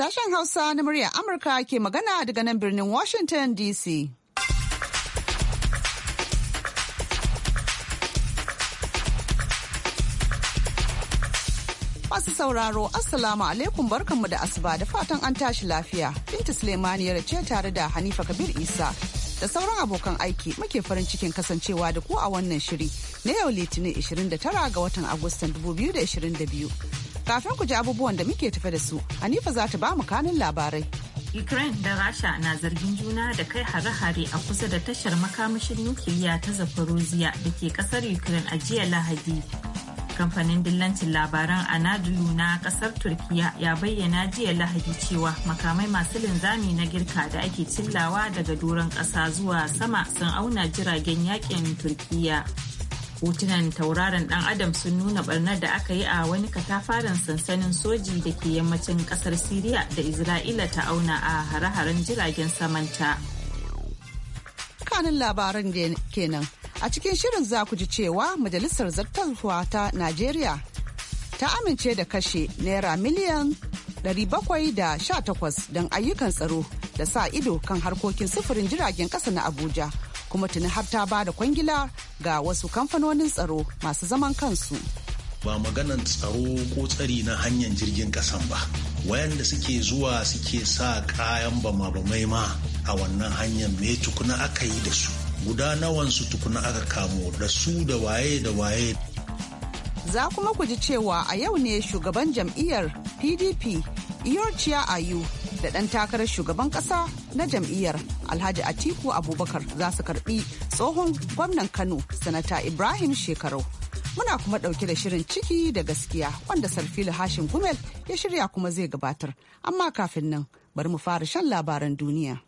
Sashen Hausa na murya Amurka ke magana daga nan birnin Washington DC. Masu sauraro, Assalamu alaikum barkanmu da asuba da fatan an tashi lafiya. Binta ya ce tare da Hanifa Kabir Isa da sauran abokan aiki muke farin cikin kasancewa da ku a wannan shiri na yau Litinin 29 ga watan Agustan 2022. Kafin ku ji abubuwan da muke tafe da su, Hanifa za ta ba mu kanin labarai. Ukraine da Rasha na zargin juna da kai hare-hare a kusa da tashar makamashin nukiliya ta Zaporozhye da ke kasar Ukraine a jiya Lahadi. Kamfanin dillancin labaran Anadolu na kasar Turkiya ya bayyana jiya Lahadi cewa makamai masu linzami na girka da ake cillawa daga doron ƙasa zuwa sama sun auna jiragen yakin Turkiyya. hotunan tauraron dan adam sun nuna barnar da aka yi a wani katafaren sansanin soji da ke yammacin kasar siriya da isra'ila ta auna a hare-haren jiragen samanta kanin labaran kenan a cikin shirin za ku ji cewa majalisar zartarwa ta najeriya ta amince da kashe naira miliyan 718 don ayyukan tsaro da sa ido kan harkokin sufurin jiragen kasa na abuja kuma tuni har ta ba da kwangila ga wasu kamfanonin tsaro masu zaman kansu. Ba maganan tsaro ko tsari na hanyar jirgin kasan ba. Wayanda suke zuwa suke sa kayan bama-bamai ma a wannan hanyar me tukuna aka yi da su. Guda nawansu tukuna aka kamo da su da waye da waye. Za kuma ku ji cewa a yau ne shugaban jam'iyyar PDP Iyorciya Ayu da ɗan takarar shugaban ƙasa na jam'iyyar Alhaji Atiku Abubakar za su karbi tsohon gwamnan Kano Sanata Ibrahim Shekarau. Muna kuma ɗauke da shirin ciki da gaskiya wanda Sarfilu Hashim Gumel ya shirya kuma zai gabatar. Amma kafin nan bari mu fara shan labaran duniya.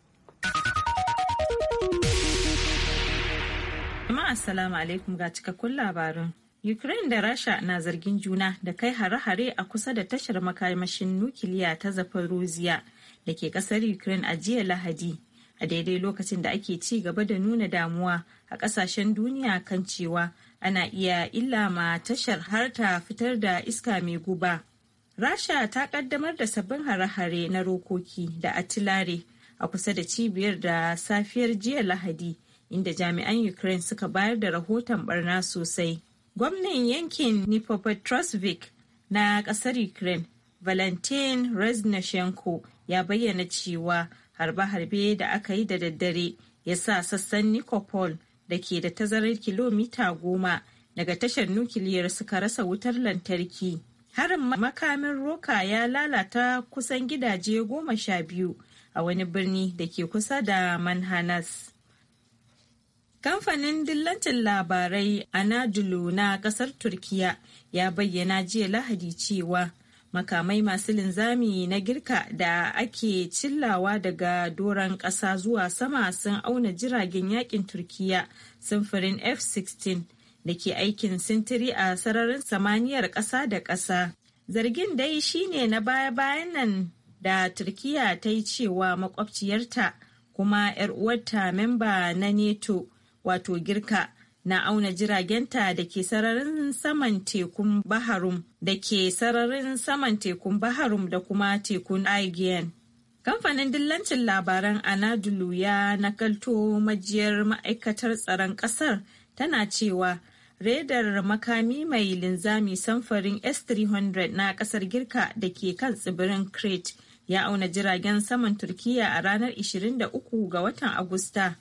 Assalamu alaikum ga cikakkun labarin. Ukraine da Rasha na zargin juna da kai hare-hare a kusa da tashar makamashin nukiliya ta Zaporozhye da ke kasar Ukraine a jiya Lahadi a daidai lokacin da ake ci gaba da nuna damuwa a kasashen duniya kan cewa ana iya illa ma tashar har ta fitar da iska mai guba. Rasha ta kaddamar da sabbin hare-hare na rokoki da atilare a kusa da cibiyar da safiyar jiya Lahadi inda jami'an Ukraine suka bayar da rahoton barna sosai. Gwamnan yankin Nipopetrovsk na ƙasar Ukraine, Valentin Reznashenko ya bayyana cewa harbe-harbe da aka yi da daddare ya sa sassan nicopol da ke da tazarar kilomita goma daga tashar nukiliyar suka rasa wutar lantarki harin makamin roka ya lalata kusan gidaje goma sha biyu a wani birni da ke kusa da manhanas kamfanin dillancin labarai anadolu na kasar turkiya ya bayyana jiya lahadi cewa makamai masu linzami na girka da ake cillawa daga doron ƙasa zuwa sama sun auna jiragen yakin turkiya samfurin f-16 da ke aikin sintiri a sararin samaniyar ƙasa da ƙasa zargin dai shine na baya-bayan nan da turkiya ta yi cewa makwabciyarta kuma 'yar uwarta memba na neto wato girka na auna jiragenta da ke sararin saman tekun Baharum da ke sararin saman tekun Baharum da kuma tekun Aegean. Kamfanin dillancin labaran anadulu ya nakalto majiyar ma'aikatar tsaron kasar tana cewa redar makami mai linzami samfarin S-300 na kasar Girka da ke kan tsibirin Crete ya auna jiragen saman Turkiya a ranar 23 ga watan Agusta.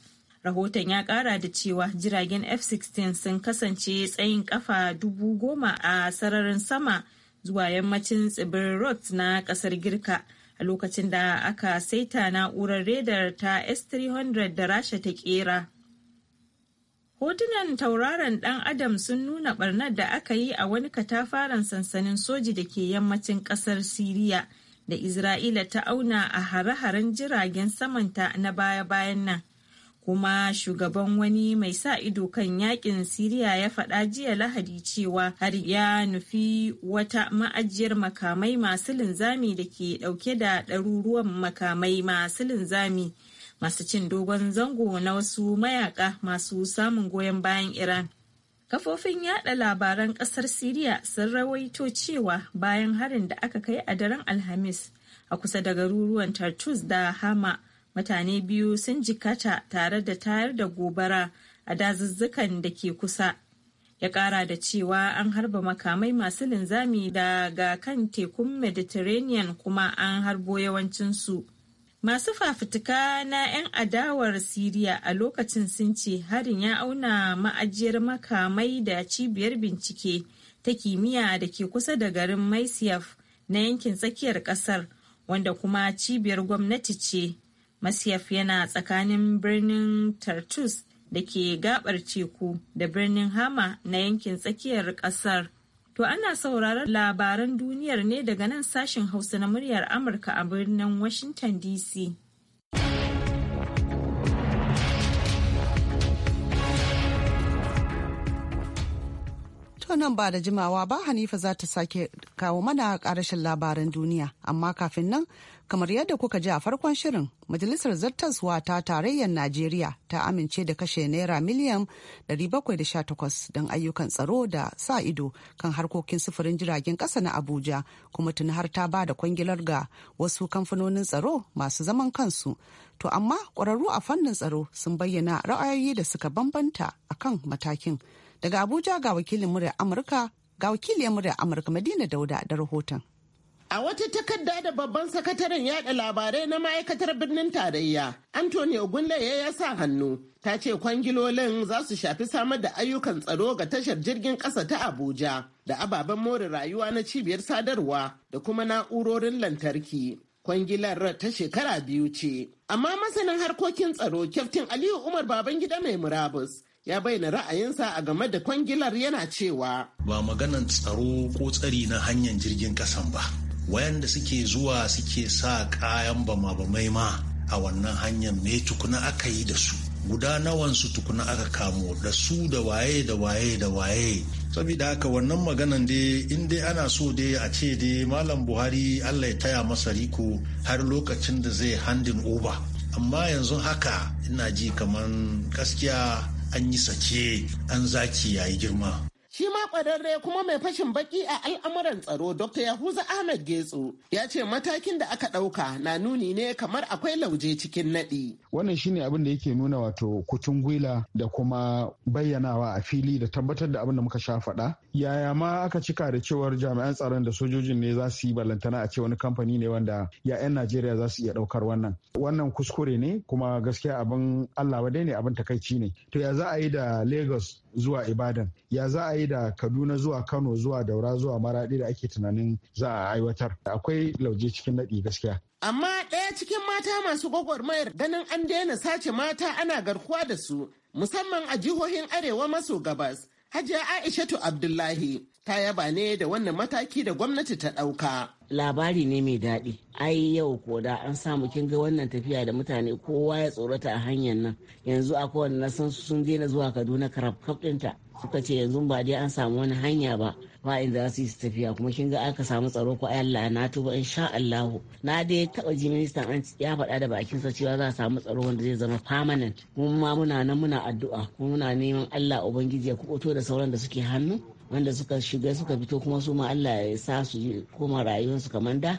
Rahoton ya kara da cewa jiragen F-16 sun kasance tsayin kafa dubu goma a sararin sama zuwa yammacin tsibirin rot na kasar Girka a lokacin da aka saita na'urar radar ta S-300 da Rasha ta kera. Hotunan tauraron dan Adam sun nuna barnar da aka yi a wani katafaren sansanin soji da ke yammacin kasar Siriya da Isra'ila ta auna a hare-haren jiragen samanta na baya-bayan nan. kuma shugaban wani mai sa ido kan yakin siriya ya faɗa jiya lahadi cewa har ya nufi wata ma'ajiyar makamai masu linzami da ke ɗauke da ɗaruruwan makamai masu linzami masu cin dogon zango na wasu mayaka masu samun goyon bayan iran kafofin yada labaran ƙasar siriya sun rawaito cewa bayan harin da aka kai a daren alhamis a kusa da garuruwan tartus da hama mutane biyu sun jikata tare da tayar da gobara a dazuzzukan da ke kusa ya kara da cewa an harba makamai masu linzami daga kan tekun mediterranean kuma an harbo yawancinsu masu fafutuka na 'yan adawar siriya a lokacin sun ce harin ya auna ma'ajiyar makamai da cibiyar bincike ta kimiyya da ke kusa da garin maisiyaf na yankin tsakiyar kasar wanda kuma cibiyar gwamnati ce Masiyaf yana tsakanin birnin Tartus da ke gabar teku da birnin Hama na yankin tsakiyar kasar To ana sauraron labaran duniyar ne daga nan sashen Hausa na muryar Amurka a birnin Washington DC. haka nan ba da jimawa ba Hanifa za ta sake kawo mana karashin labaran duniya. Amma kafin nan, kamar yadda kuka ji a farkon shirin, Majalisar Zartaswa ta Tarayyar Najeriya ta amince da kashe Naira miliyan 718 don ayyukan tsaro da sa ido kan harkokin sufurin jiragen ƙasa na Abuja, kuma tuni har ta ba da kwangilar ga wasu kamfanonin tsaro masu zaman kansu. To amma ƙwararru a fannin tsaro sun bayyana ra'ayoyi da suka bambanta akan matakin. Daga Abuja ga wakilin muryar Amurka ga wakiliyar muryar Amurka Madina Dauda da rahoton. A wata takarda da babban sakataren yada labarai na ma'aikatar birnin tarayya, Anthony ogunle ya sa hannu, ta ce kwangilolin za su shafi samar da ayyukan tsaro ga tashar jirgin ƙasa ta Abuja da ababen more rayuwa na cibiyar sadarwa da kuma na'urorin lantarki. Kwangilar ta shekara biyu ce. Amma masanin harkokin tsaro, Kyaftin Aliyu Umar Babangida mai murabus ya bayyana ra'ayinsa a game da kwangilar yana cewa ba maganan tsaro ko tsari na hanyar jirgin kasan ba wayanda suke zuwa suke sa kayan bama bamai ma a wannan hanyar me tukuna aka yi da su guda nawansu tukuna aka kamo da su da waye da waye da waye saboda haka wannan maganan dai in dai ana so dai a ce dai malam buhari allah ya taya masa riko har lokacin da zai handin oba, amma yanzu haka ina ji kamar gaskiya an yi sace an zaki ya yi girma Shi ma kwararre kuma mai fashin baki a al'amuran tsaro Dr. Yahuza Ahmed Getso ya ce matakin da aka ɗauka na nuni ne kamar akwai lauje cikin naɗi. Wannan shine abin da yake nuna wato kucin gwila da kuma bayyanawa a fili da tabbatar da abin da muka sha faɗa. Yaya ma aka cika da cewar jami'an tsaron da sojojin ne za su yi balantana a ce wani kamfani ne wanda 'ya'yan Najeriya za su iya ɗaukar wannan. Wannan kuskure ne kuma gaskiya abin Allah wadai ne abin takaici ne. To ya za a yi da Lagos zuwa ibadan ya za a yi da kaduna zuwa kano zuwa daura zuwa Maraɗi da ake tunanin za a aiwatar akwai lauje cikin naɗi gaskiya amma ɗaya cikin mata masu gwagwarmayar ganin an daina sace mata ana garkuwa da su musamman a jihohin arewa maso gabas hajiya aishatu abdullahi ta yaba ne da wannan mataki da gwamnati ta ɗauka labari ne mai daɗi ai yau ko da an samu kin ga wannan tafiya da mutane kowa ya tsorata a hanyar nan yanzu a kowane na san sun daina zuwa kaduna karab kaf ta, suka ce yanzu ba dai an samu wani hanya ba ba inda za su yi tafiya kuma kin ga aka samu tsaro ko Allah na tuba sha Allah na dai taba ji ministan an ya faɗa da bakinsa cewa za a samu tsaro wanda zai zama permanent kuma muna nan muna addu'a kuma muna neman Allah ubangiji ya kuɓuto da sauran da suke hannu wanda suka shiga suka fito kuma su ma Allah ya sa su koma rayuwarsu kamar da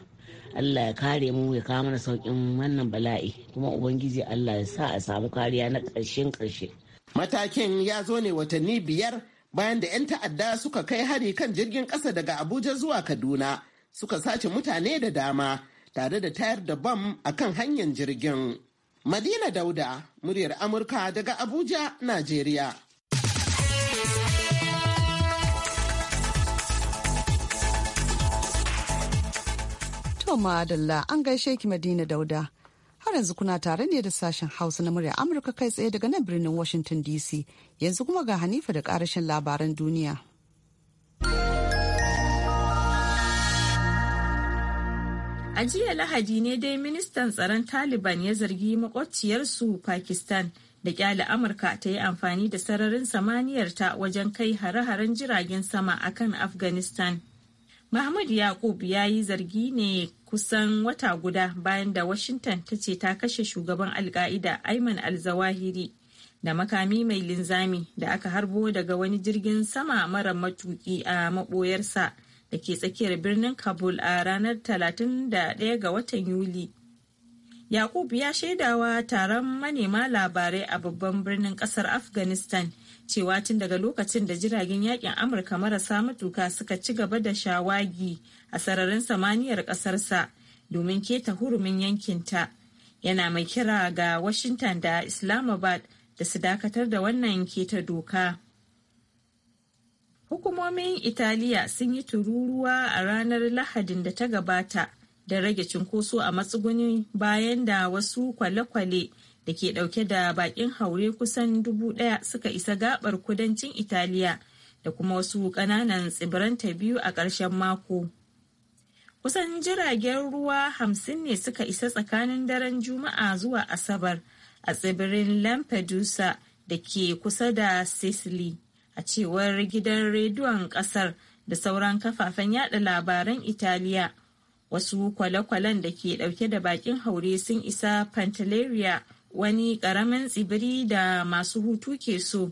Allah ya kare mu ya kawo mana saukin wannan bala'i kuma ubangiji Allah ya sa a samu kariya na ƙarshen ƙarshe. Matakin ya zo ne watanni biyar bayan da 'yan ta'adda suka kai hari kan jirgin ƙasa daga Abuja zuwa Kaduna suka sace mutane da dama tare da tayar da bam a kan hanyar jirgin. Madina Dauda, muryar Amurka daga Abuja, Najeriya. ma madalla an gaishe ki Madina Dauda. Har yanzu kuna tare ne da sashen Hausa na murya Amurka kai tsaye daga nan birnin Washington DC. Yanzu kuma ga Hanifa da karashin labaran duniya. A jiya Lahadi ne dai ministan tsaron Taliban ya zargi makwabciyarsu Pakistan da kyale Amurka ta yi amfani da sararin samaniyarta wajen kai hare-haren jiragen sama akan Afghanistan. mahmud yakub ya yi zargi ne kusan wata guda bayan da washington ta ce ta kashe shugaban alka'ida ayman al-zawahiri da makami mai linzami da aka harbo daga wani jirgin sama mara matuki a maboyarsa da ke tsakiyar birnin kabul a ranar 31 ga watan yuli yakub ya shaidawa taron manema labarai a babban birnin kasar afghanistan cewa tun daga lokacin da jiragen yakin amurka marasa matuka suka ci gaba da shawagi a sararin samaniyar ƙasarsa domin keta hurumin yankinta yana mai kira ga washington da islamabad da su dakatar da wannan keta doka hukumomin italiya sun yi tururuwa a ranar lahadin da ta gabata da rage cunkoso a matsuguni bayan da wasu kwale-kwale da ke dauke da bakin haure kusan dubu daya suka isa gabar kudancin italiya da kuma wasu kananan tsibiran ta biyu a ƙarshen mako kusan jiragen ruwa hamsin ne suka isa tsakanin daren juma'a zuwa asabar a tsibirin lampedusa da ke kusa da sicily a cewar gidan rediyon kasar da sauran kafafen yada labaran italiya wasu kwale-kwalen da ke dauke da bakin haure sun isa pantelleria wani ƙaramin tsibiri da masu hutu ke so.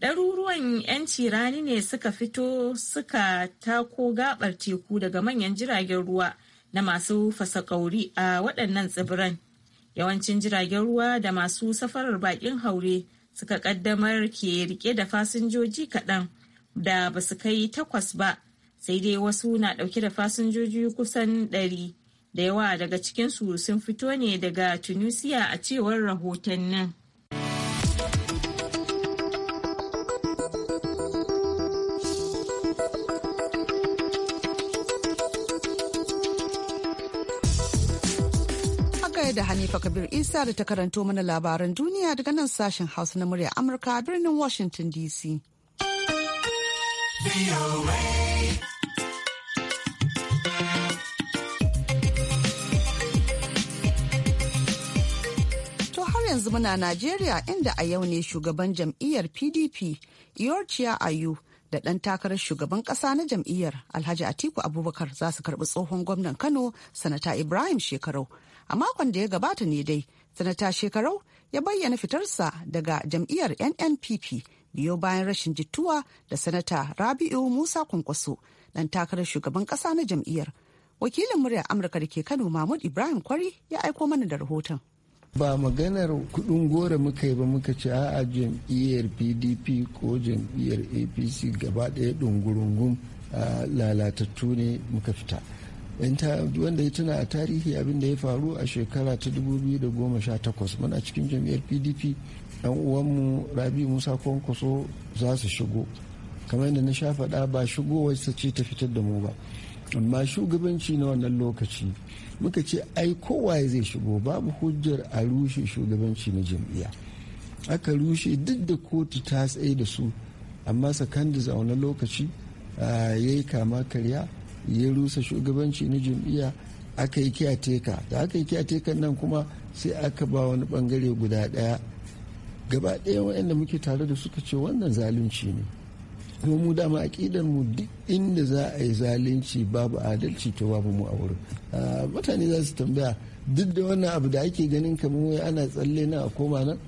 Ɗaruruwan 'yanci rani ne suka fito suka tako gabar teku daga manyan jiragen ruwa na masu fasakauri a waɗannan tsibiran. Yawancin jiragen ruwa da masu safarar baƙin haure suka ƙaddamar ke rike da fasinjoji kaɗan da ba su kai takwas ba, sai dai wasu na ɗauke da fasinjoji kusan ɗari. da yawa daga su sun fito ne daga tunisia a cewar rahotannin da Hanifa Kabir Isa da ta karanto mana labaran duniya daga nan sashen Hausa na murya Amurka birnin Washington DC. yanzu muna Najeriya inda a yau ne shugaban jam'iyyar PDP Iyorciya Ayu da ɗan takarar shugaban ƙasa na jam'iyyar Alhaji Atiku Abubakar za su karɓi tsohon gwamnan Kano Sanata Ibrahim Shekarau. A makon da ya gabata ne dai, Sanata Shekarau ya bayyana fitarsa daga jam'iyyar NNPP biyo bayan rashin jituwa da Sanata Rabi'u Musa Kwankwaso ɗan takarar shugaban ƙasa na jam'iyyar. Wakilin muryar Amurka da ke Kano Mahmud Ibrahim Kwari ya aiko mana da rahoton. ba maganar kudin goro muka yi ba muka ce a jam'iyyar pdp ko jam'iyyar apc gaba ɗaya ɗungurungun lalatattu ne muka fita wanda ya tuna a tarihi abin da ya faru a shekara ta 2018 muna cikin jam'iyyar pdp yan uwanmu rabi musa kwankwaso za su shigo kamar yadda na sha faɗa ba shigowarsa ce ta fitar da mu ba amma shugabanci na wannan lokaci muka ce ai kowaye zai shigo babu hujjar a rushe shugabanci na jam'iyya aka rushe duk da kotu ta tsaye da su amma sakandis a wani lokaci ya yi kama karya ya rusa shugabanci na jam'iyya aka yi kiyateka da aka yi kiyatekan nan kuma sai aka ba wani bangare guda daya gaba ɗaya waɗanda muke tare da suka ce wannan zalunci ne kuma mu dama aƙidar mu duk inda za a yi zalunci babu adalci to babu mu a wurin ah, mutane za su tambaya duk da wannan abu da ake ganin kamar wai ana tsalle na a koma nan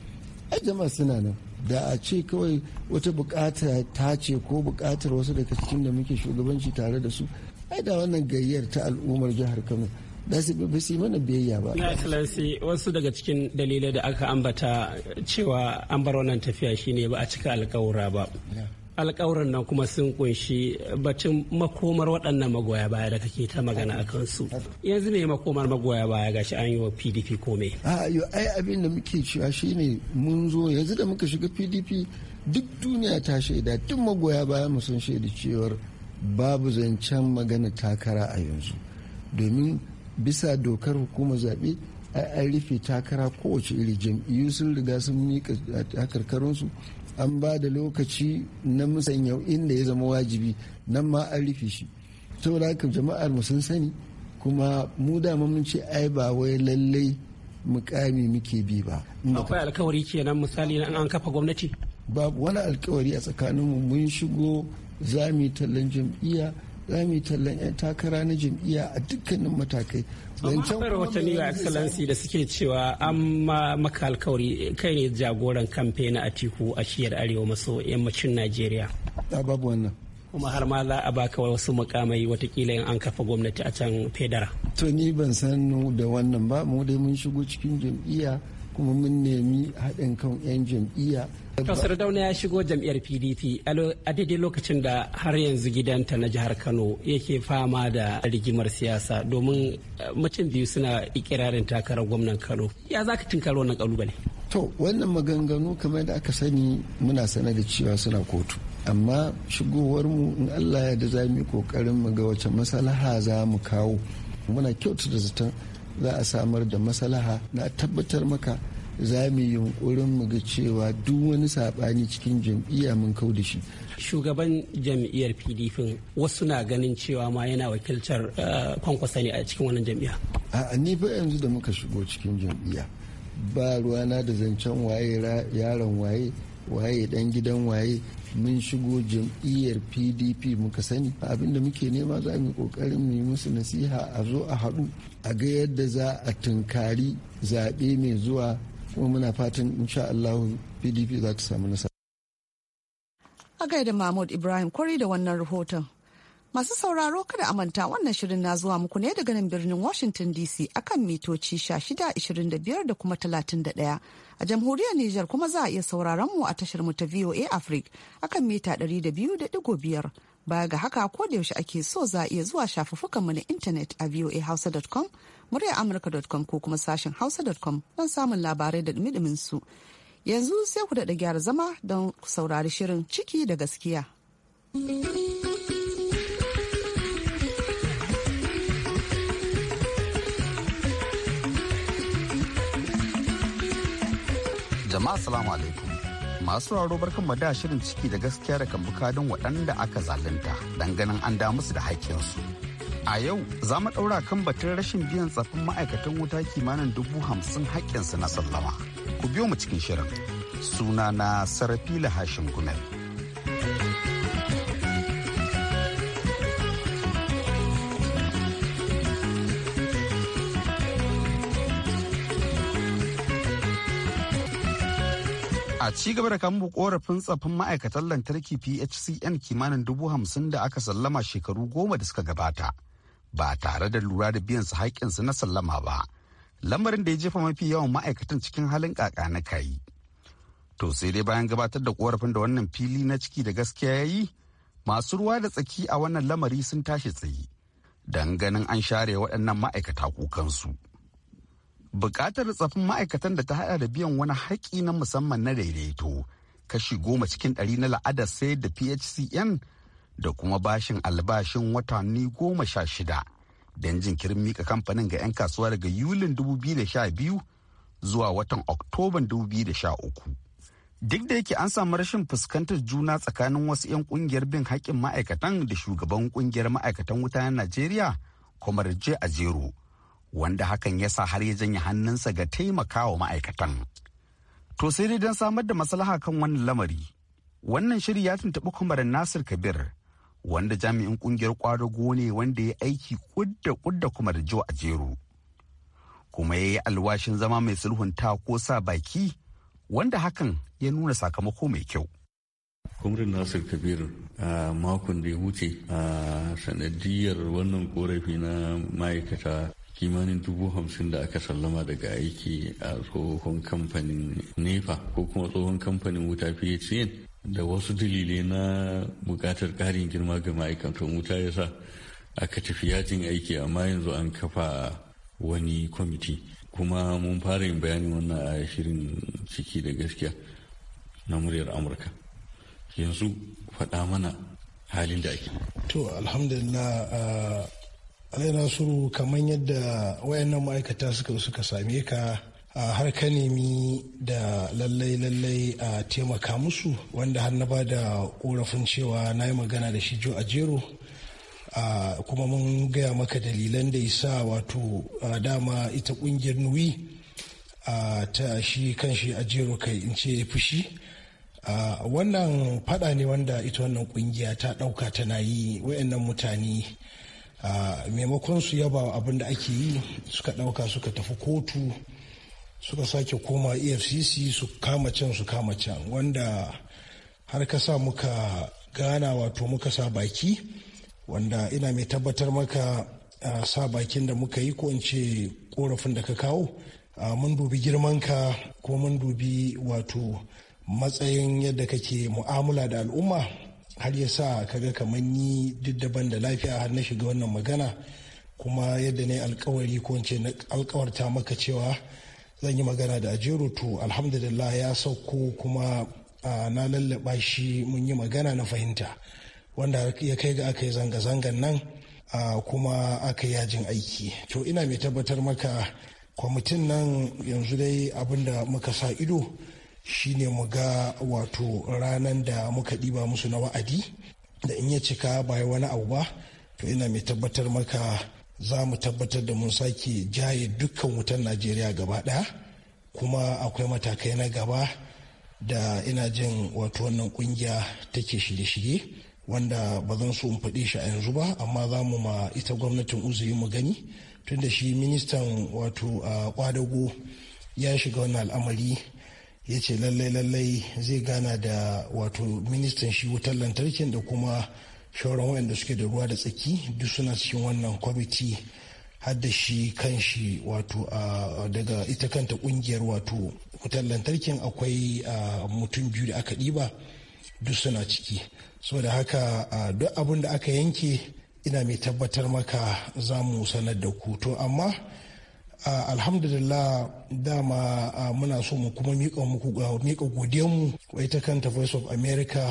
a jama'a suna nan da a ce kawai wata bukata ta ce ko bukatar wasu daga cikin da muke shugabanci tare da su ai da wannan gayyar ta al'ummar jihar kano da su bi su mana biyayya ba. Na wasu daga cikin dalilai da aka ambata cewa an bar wannan tafiya shine ba a cika alkawura ba. alkawuran nan kuma sun kunshi batun makomar waɗannan magoya baya da kake ta magana a kansu yanzu ne makomar magoya baya gashi an yi wa pdp kome a ai abin da muke cewa shine mun zo yanzu da muka shiga pdp duk duniya ta shaida duk magoya baya mu sun shaida cewar babu zancen magana takara a yanzu domin bisa dokar hukumar zaɓe an rufe takara kowace iri jam'iyyu sun riga sun miƙa takarkarunsu an ba da lokaci na musanya inda ya zama wajibi nan ma an rufe shi saboda haka jama'ar mu sun sani kuma mu dama mun ce ai ba wai lallai mukami muke bi ba akwai alkawari kenan misali na an kafa gwamnati babu wani alkawari a tsakanin mu mun shigo za mu yi tallan jam'iyya za tallan takara na jam'iyya a dukkanin matakai akwai wata wa excellency da suke cewa an maka alkawari kai ne jagoran kamfe na atiku a shiyar arewa maso yammacin najeriya babu wannan kuma har ma za a baka wasu mukamai watakila yin an kafa gwamnati a can federa to ni ban san da wannan ba mu dai mun shigo cikin jam'iyya kuma mun nemi haɗin kan 'yan jam'iyya. Kasar Dauna ya shigo jam'iyyar PDP a daidai lokacin da har yanzu gidanta na jihar Kano yake fama da rigimar siyasa domin eh, mutum biyu suna ikirarin takarar gwamnan Kano. Ya za ka tunkar wannan kalubale? To wannan maganganu kamar da aka sani muna sane da cewa suna kotu. Amma shigowarmu in Allah ya da za mu yi kokarin mu ga wace maslaha za mu kawo. Muna da zaton za a samar da maslaha na tabbatar maka za mu yi yunkurin mu ga cewa duk wani saɓani cikin jam'iyya mun kau da shi. Shugaban jam'iyyar PDP wasu na ganin cewa ma yana wakiltar eh, kwankwasa ne a cikin wannan jam'iyya. A ni ba yanzu da muka shigo cikin jam'iyya ba ruwana da zancen waye yaron waye waye dan gidan waye mun shigo jam'iyyar pdp muka sani abin da muke nema za mu kokarin mu yi musu nasiha a zo a haɗu a ga yadda za a tunkari zaɓe mai zuwa kuma muna fatan insha Allah pdp za ta samu nasara a gaida mahmud ibrahim kwari da wannan rahoton Masu sauraro kada a manta wannan shirin na zuwa muku ne daga nan birnin Washington DC akan mitoci 1625 da kuma 31. A jamhuriyar Nijar kuma za a iya sauraron mu a tashar mu ta VOA Africa akan mita ɗari da da biyu 200.5. Baya ga haka ko da yaushe ake so za a iya zuwa shafuffukan mu na intanet a voahausa.com, muryar amurka.com ko kuma sashen hausa.com don samun labarai da dumi su. Yanzu sai ku daɗa gyara zama don saurari shirin ciki da gaskiya. jama'a salamu alaikum masu sauraro barkan mu da shirin ciki da gaskiya da kan bukadin waɗanda aka zalunta ganin an da musu da haƙƙinsu a yau za mu ɗaura kan batun rashin biyan tsafin ma'aikatan wuta kimanin dubu hamsin haƙƙinsu na sallama ku biyo mu cikin shirin suna na sarafila hashin gumel ci gaba da kamo korafin tsafin ma'aikatan lantarki phcn kimanin dubu hamsin da aka sallama shekaru goma da suka gabata ba tare da lura da biyan su haƙƙinsu na sallama ba lamarin da ya jefa mafi yawan ma'aikatan cikin halin ƙaƙa na kayi to sai dai bayan gabatar da korafin da wannan fili na ciki da gaskiya ya yi masu ruwa da tsaki a wannan lamari sun tashi tsaye don ganin an share waɗannan ma'aikata kukansu. su bukatar tsafin ma'aikatan da ta haɗa da biyan wani haƙƙi na musamman na daidaito kashi goma cikin ɗari na la'adar sai da phcn da kuma bashin albashin watanni goma sha shida don jinkirin mika kamfanin ga 'yan kasuwa daga yulin 2012 zuwa watan oktoban 2013 duk da yake an samu rashin fuskantar juna tsakanin wasu 'yan kungiyar bin haƙƙin ma'aikatan da shugaban kungiyar ma'aikatan wuta na najeriya kwamar je a jero wanda hakan ya sa har ya janye hannunsa ga taimakawa ma'aikatan. To sai dai don samar da maslaha kan wannan lamari, wannan shiri ya tuntuɓi kumarin Nasir Kabir, wanda jami'in ƙungiyar ƙwadago ne wanda ya aiki kudda kudda kumar Jo a jeru. Kuma ya yi alwashin zama mai sulhunta ko sa baki, wanda hakan ya nuna sakamako mai kyau. kumrin nasir kabir a makon da ya wuce a sanadiyar wannan korafi na ma'aikata kimanin dubu hamsin da aka sallama daga aiki a tsohon kamfanin nefa ko kuma tsohon kamfanin wuta phcn da wasu dalilai na bukatar karin girma ga ma'aikatan wuta ya sa aka tafi yajin aiki amma yanzu an kafa wani kwamiti kuma mun fara yin bayanin wannan a shirin ciki da gaskiya na muryar amurka yanzu faɗa mana halin da ake to alhamdulillah ah, alai nasiru kamar yadda wayannan ma'aikata suka suka same ka har ka nemi da lallai lallai a taimaka musu wanda har na ba da korafin cewa na yi magana da shi jo a jero kuma mun gaya maka dalilan da isa wato dama ita kungiyar nuwi ta shi kanshi a jero kai in ce fushi wannan fada ne wanda ita wannan kungiya ta dauka tana yi wayannan mutane maimakon su yaba abin da ake yi suka ɗauka suka tafi kotu suka sake koma efcc su kama can su kama can wanda har ka sa muka gana wato muka sa baki wanda ina mai tabbatar maka sa bakin da muka yi ko in ce korafin da ka kawo mun dubi girmanka ko mun dubi wato matsayin yadda kake mu'amala da al'umma har ya sa kaga kamar ni duk daban da lafiya har na shiga wannan magana kuma yadda na alkawari ko ce na alkawarta maka cewa zan yi magana da ajeru to alhamdulillah ya sauko kuma na lallaba shi mun yi magana na fahimta wanda ya kai ga aka yi zanga-zangan nan kuma aka yi yajin aiki to ina mai tabbatar maka kwamitin nan yanzu dai abinda muka sa ido shine mu ga wato ranar da muka ɗiba musu na wa'adi da in ya cika ba wani abu ba to ina mai tabbatar maka za mu tabbatar da mun sake jaye dukkan wutan najeriya gaba ɗaya kuma akwai matakai na gaba da ina jin wato wannan kungiya take shirye-shirye wanda ba zan so in faɗe shi a yanzu ba amma za mu ma ita gwamnatin uzuri mu gani tunda shi ministan wato a ya shiga wannan al'amari ya ce lallai lallai zai gana da wato ministan shi wutar lantarkin da kuma shauran wayanda suke da ruwa da tsaki duk suna cikin wannan kwamiti hadda shi kan shi wato daga ita kanta kungiyar wato wutar lantarkin akwai mutum biyu da aka ɗiba duk suna ciki saboda haka duk abin da aka yanke ina mai tabbatar maka za mu sanar da ku to amma Ah, alhamdulillah dama ah, muna so mu kuma miƙa godiyanmu wai ta kanta voice of america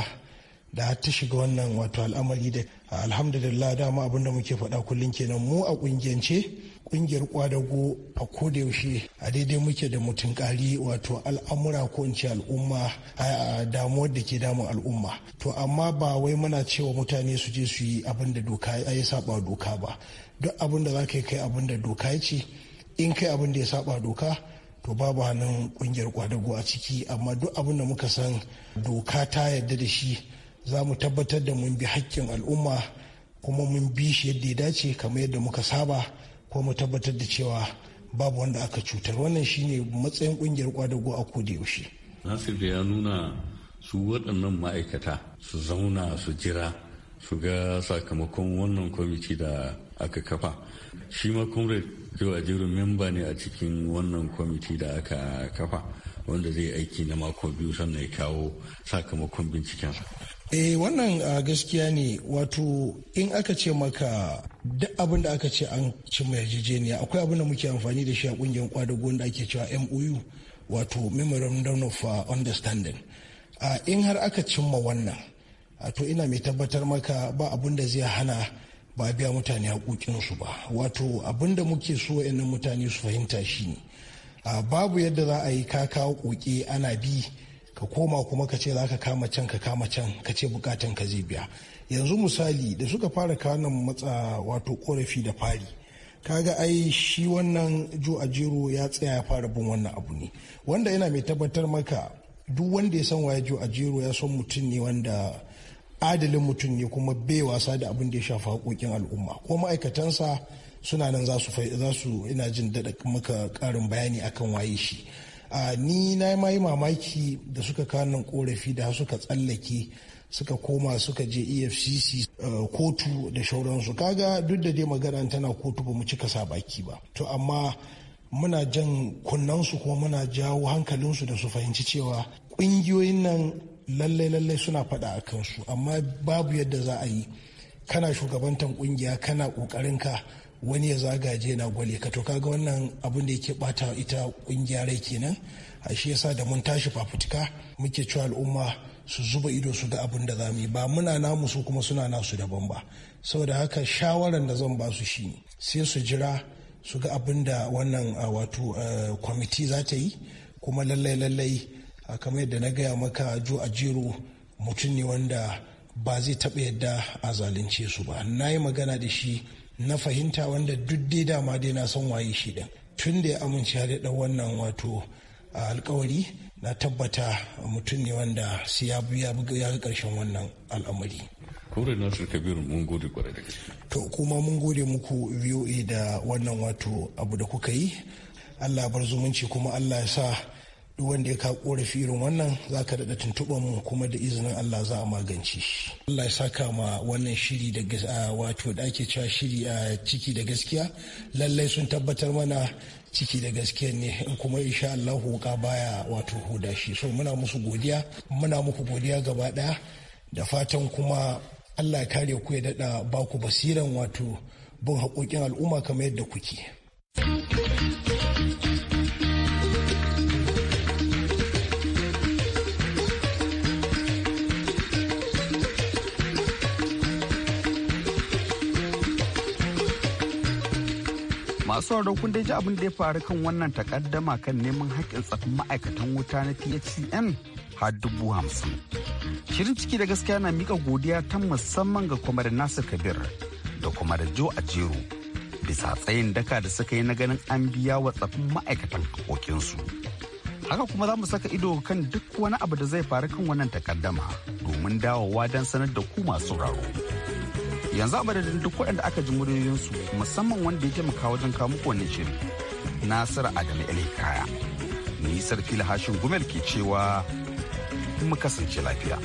da ta shiga wannan wato al'amari da ah, alhamdulillah dama abin da muke faɗa kullum kenan mu a ƙungiyance ƙungiyar kwadago a yaushe. a daidai muke da mutum ƙari wato al'amura ko in ce al'umma a damuwar da ke damun al'umma to amma ba wai muna cewa mutane su je su yi abin da doka ya saba doka ba duk abin da za ka yi kai abinda da doka ce in kai abin da ya saba doka to babu hannun kungiyar kwadago a ciki amma duk abin da muka san doka ta yadda da shi za mu tabbatar da mun bi hakkin al'umma kuma mun bi shi yadda ya dace kamar yadda muka saba ko mu tabbatar da cewa babu wanda aka cutar wannan shine matsayin kungiyar kwadago a koda yaushe nasir da ya nuna su waɗannan ma'aikata su zauna su jira su ga sakamakon wannan kwamiti da aka kafa shi ma comrade zuwa jirin memba ne a cikin wannan kwamiti da aka kafa wanda zai aiki na mako biyu sannan ya kawo sakamakon bincikensa eh wannan ah, gaskiya ne wato in aka ce maka duk abin da aka ce an ci mai yarjejeniya akwai abin da muke amfani da shi a kungiyar kwadago da ake cewa mou wato memorandum of ah, understanding ah, in har aka cimma wannan to ina mai tabbatar maka ba abin da zai hana ba biya mutane haƙoƙinsu ba wato abin da muke so yanan mutane su fahimta shi ne babu yadda za a yi ka kawo ƙoƙe ana bi ka koma kuma ka ce za ka kama can ka kama can ka ce bukatan ka zai biya yanzu misali da suka fara kanan matsa wato korafi da fari kaga ai shi wannan jo a jero ya tsaya ya fara bin wannan abu ne wanda yana mai tabbatar maka duk wanda ya san waya jo ajero ya san mutum ne wanda adalin mutum ne kuma bai wasa da abin da ya shafi hakokin al'umma ko ma'aikatansa suna nan za su ina jin daɗa maka ƙarin bayani akan waye shi ni na yi mayi mamaki da suka kawo nan korafi da suka tsallake suka koma suka je efcc kotu da shauransu kaga duk da dai magana tana kotu ba mu cika sa baki ba to amma muna jan kunnansu kuma muna jawo hankalinsu da su fahimci cewa ƙungiyoyin nan lallai lallai suna faɗa a kansu amma babu yadda za a yi kana shugabantan kungiya kana kokarin ka wani ya zagaje na gwale ka to kaga wannan abin da yake bata ita kungiya rai kenan a shi yasa da mun tashi fafutuka muke cewa al'umma su zuba ido su ga abin da zamu yi ba muna namu su kuma suna nasu daban ba saboda haka shawaran da zan ba su shi sai su jira su ga abin da wannan wato eh, kwamiti za ta yi kuma lallai lallai kamar yadda na gaya maka jo a jiro mutum ne wanda ba zai taɓa yadda a zalunce su ba na yi magana da shi na fahimta wanda duk dai dama dai na son waye shi ɗin tun da ya amince ya daɗa wannan wato alkawari na tabbata mutum ne wanda sai ya ya ga ƙarshen wannan al'amari kore nasir kabir mun gode kwarai da to kuma mun gode muku voa da wannan wato abu da kuka yi allah bar zumunci kuma allah ya sa duk wanda ya kawo korafi irin wannan za ka daɗa tuntuɓar mu kuma da izinin Allah za a magance shi. Allah ya saka ma wannan shiri da wato da ake cewa shiri a ciki da gaskiya lallai sun tabbatar mana ciki da gaskiya ne in kuma insha Allah ka baya wato huda shi so muna musu godiya muna muku godiya gaba ɗaya da fatan kuma Allah ya kare ku ya daɗa baku basiran wato bin haƙoƙin al'umma kamar yadda kuke. masu sauraro kun dai ji abin da ya faru kan wannan takaddama kan neman haƙƙin tsafin ma'aikatan wuta na phcn har dubu hamsin shirin ciki da gaskiya na mika godiya ta musamman ga kwamar nasir kabir da kwamar jo jero bisa tsayin daka da suka yi na ganin an biya wa tsafin ma'aikatan haƙoƙinsu haka kuma za mu saka ido kan duk wani abu da zai faru kan wannan takaddama domin dawowa don sanar da ku masu sauraro yanzu a madadin duk waɗanda aka ji muryoyinsu musamman wanda ya taimaka wajen kawo muku wannan shirin nasiru adamu ele kaya nisar fili hashin gumel ke cewa mu kasance lafiya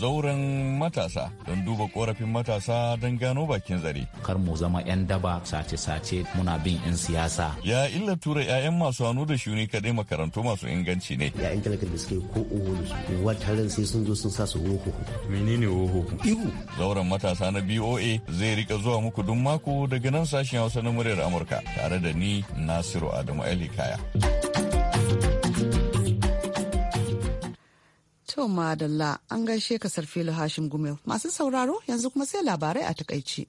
zauren matasa don duba korafin matasa don gano bakin zare. Kar mu zama 'yan daba sace-sace muna bin 'yan siyasa. Ya illa tura 'ya'yan masu hannu da shuni kaɗai makarantu masu inganci ne. 'Ya'yan talakar da suke ko owo wata sai sun zo sun sa su huhu. Menene hoho? Ihu. Zauren matasa na BOA zai rika zuwa muku duk mako daga nan sashen Hausa na muryar Amurka tare da ni Nasiru Adamu Ali Kaya. To madalla an gaishe ka sarfilu Hashim Gumel. Masu sauraro yanzu kuma sai labarai a takaici.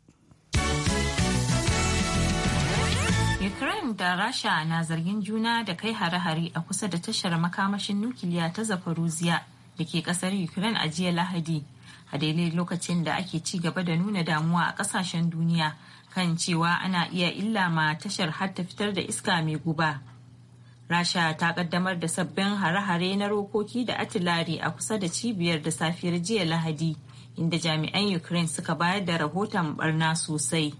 Ukraine da Rasha na zargin juna da kai hare-hare a kusa da tashar makamashin nukiliya ta Zafaruziya da ke kasar Ukraine a jiya Lahadi. A daidai lokacin da ake ci gaba da nuna damuwa a kasashen duniya kan cewa ana iya illa ma tashar har ta fitar da iska mai guba. rasha ta kaddamar da sabbin hare-hare na rokoki da atilari a kusa da cibiyar da safiyar jiya lahadi inda jami'an ukraine suka bayar da rahoton barna sosai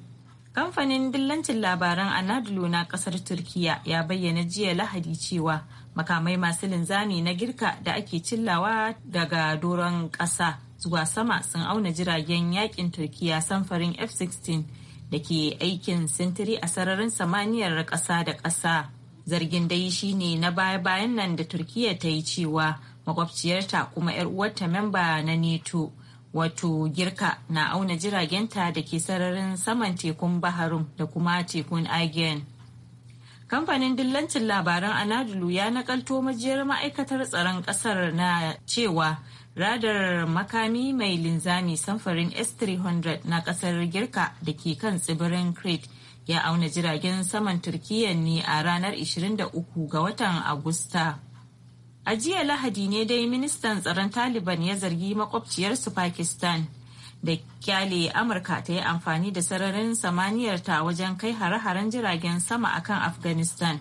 kamfanin dillancin labaran anadolu na kasar turkiya ya bayyana jiya lahadi cewa makamai masu linzami na girka da ake cillawa daga doron ƙasa zuwa sama sun auna jiragen yakin turkiya samfarin f-16 da ke aikin sintiri a sararin samaniyar ƙasa da ƙasa zargin dai shine na baya-bayan nan da turkiya ta yi cewa makwabciyarta kuma 'yar uwarta memba na neto wato girka na auna jiragenta da ke sararin saman tekun baharun da kuma tekun aegean kamfanin dillancin labaran anadolu ya nakalto majiyar ma'aikatar tsaron kasar na cewa radar makami mai linzami samfarin s-300 na kasar girka da ke kan tsibirin crete ya auna jiragen saman turkiyya ne a ranar 23 ga watan agusta a jiya lahadi ne dai ministan tsaron taliban ya zargi makwabciyarsu pakistan da kyale amurka ta yi amfani da sararin samaniyar ta wajen kai hare-haren jiragen sama akan afghanistan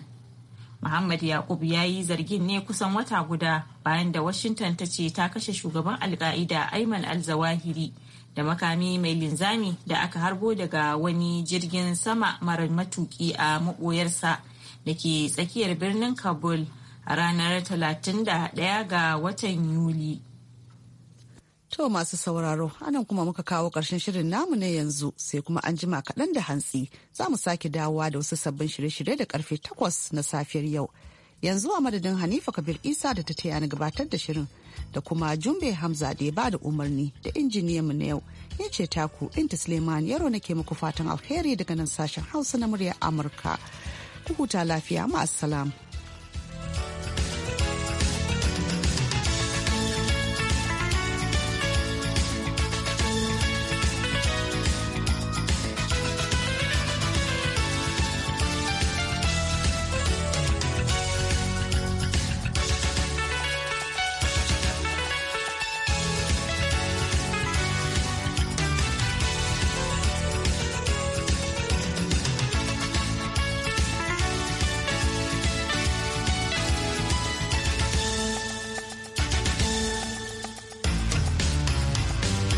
Muhammad Yakub ya yi zargin ne kusan wata guda bayan da Washington ta ce ta kashe shugaban alka'ida Ayman al-Zawahiri da makami mai linzami da aka harbo daga wani jirgin sama mara matuki a maboyarsa da ke tsakiyar birnin kabul a ranar 31 ga watan yuli To masu sauraro, anan kuma muka kawo ƙarshen shirin namu na yanzu sai kuma an jima kaɗan da hantsi za mu sake dawowa da wasu sabbin shirye-shirye da karfe takwas na safiyar yau. Yanzu a madadin Hanifa Kabir Isa da ta taya ni gabatar da shirin da kuma Jumbe Hamza da ya ba da umarni da injiniyanmu na yau. ya ce taku inta Suleiman yaro nake muku fatan alheri daga nan sashen Hausa na muryar Amurka. Ku huta lafiya ma